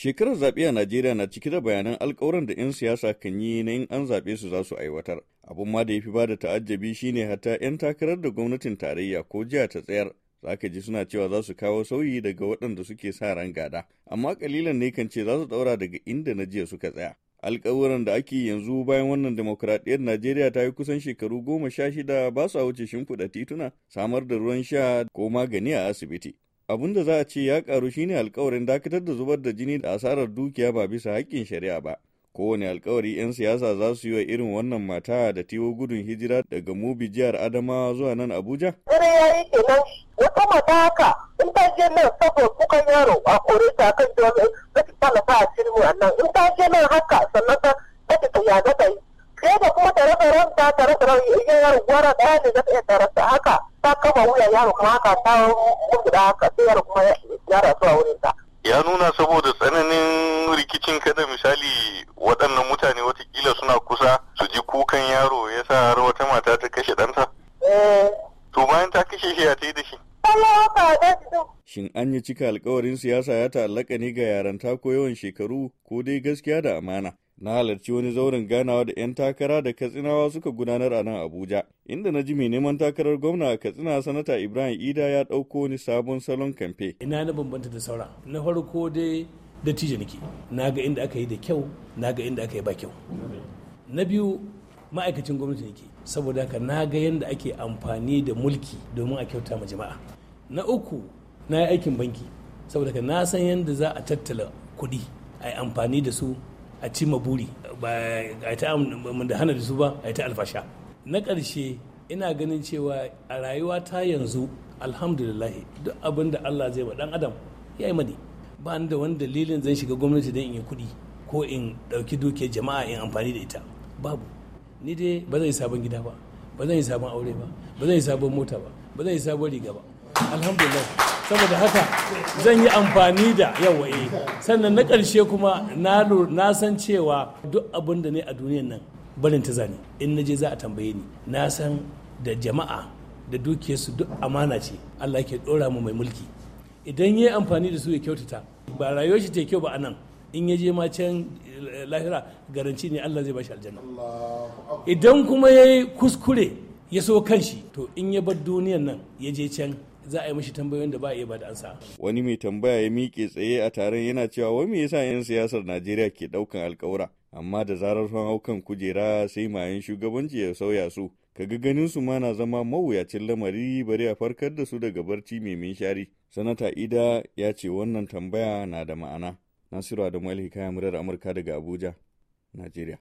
Shekarar zaɓe a Najeriya na cike da bayanan alkawuran da 'yan siyasa kan yi na in an zaɓe su za su aiwatar. Abun ma da ya fi ba da ta'ajjabi shine hatta 'yan takarar da gwamnatin tarayya ko jiya ta tsayar za ka ji suna cewa za su kawo sauyi daga waɗanda suke sa ran gada. Amma kalilan ne kan ce za su ɗaura daga inda na jiya suka tsaya. Alkawuran da ake yanzu bayan wannan demokuraɗiyyar Najeriya ta yi kusan shekaru goma sha shida ba su wuce shimfiɗa tituna, samar da ruwan sha ko magani a asibiti. abin da za a ce ya karu shine alkawarin dakatar da zubar da jini da asarar dukiya ba bisa haƙƙin shari'a ba kowane alkawari 'yan siyasa za su yi wa irin wannan mata da tiwo gudun hijira daga mubi jihar adamawa zuwa nan abuja ya yi kenan wata mata haka in ta je nan saboda kukan yaro a kore ta kan jami'in za ta talaba a sirmu a in ta je nan haka sannan ta za ta yaga ta yi sai da kuma ta rasa ranta ta rasa rauyi in yaro gwara ɗaya ne za ta iya ta rasa haka ta kafa wuya yaro kuma haka ta mutu da haka sai yaro kuma ya rasu a wurin ta. ya nuna saboda tsananin rikicin kada misali waɗannan mutane watakila suna kusa su ji kukan yaro ya sa har wata mata ta kashe ɗanta. Eh. to bayan ta kashe shi ya ta yi da shi. Shin an yi cika alkawarin siyasa ya ta'allaka ne ga yaranta ko yawan shekaru ko dai gaskiya da amana? na halarci wani zauren ganawa da 'yan takara da katsinawa suka gudanar a nan abuja inda na ji mai neman takarar gwamna a katsina sanata ibrahim ida ya ɗauko wani sabon salon kamfe ina na bambanta da saura na farko dai da tije nake na ga inda aka yi da kyau na ga inda aka yi ba kyau na biyu ma'aikacin gwamnati nake saboda haka na ga yadda ake amfani da mulki domin a kyauta ma jama'a na uku na yi aikin banki saboda haka na san yadda za a tattala kuɗi a yi amfani da su a cimma buri ba a ta da hana da su ba a ta alfasha na ƙarshe ina ganin cewa a rayuwa ta yanzu alhamdulillah duk abin da Allah zai ba dan adam ya yi mani ba da wani dalilin zan shiga gwamnati don in yi kuɗi ko in ɗauki dukiyar jama'a in amfani da ita babu ni dai ba zan yi sabon gida ba ba zan yi sabon aure ba ba zan yi sabon mota ba ba zan yi sabon riga ba alhamdulillah saboda haka zan yi amfani da yawa eh. sannan na ƙarshe kuma na san cewa duk abin da ne a duniyan nan barin ta zane in na je za a tambaye ni na san da jama'a da dukiyarsu duk amana ce Allah ke ɗora mu mai mulki idan ya yi amfani da su ya kyautata ba rayuwar shi ta kyau ba a in ya je ma can eh, lahira garanci ne Allah zai bashi aljanna idan kuma ya yi kuskure ya so kanshi to in ya bar duniyan nan ya je can za a yi mishi tambayoyin da ba a iya ba da ansa. Wani mai tambaya ya miƙe tsaye a taron yana cewa wai me yasa 'yan siyasar Najeriya ke ɗaukan alƙawura amma da zarar sun hau kujera sai mayan shugabanci ya sauya su ka ga ganin su ma na zama mawuyacin lamari bari a farkar da su daga barci mai shari. Sanata Ida ya ce wannan tambaya na da ma'ana. Nasiru Adamu Alhikaya Murar Amurka daga Abuja, Najeriya.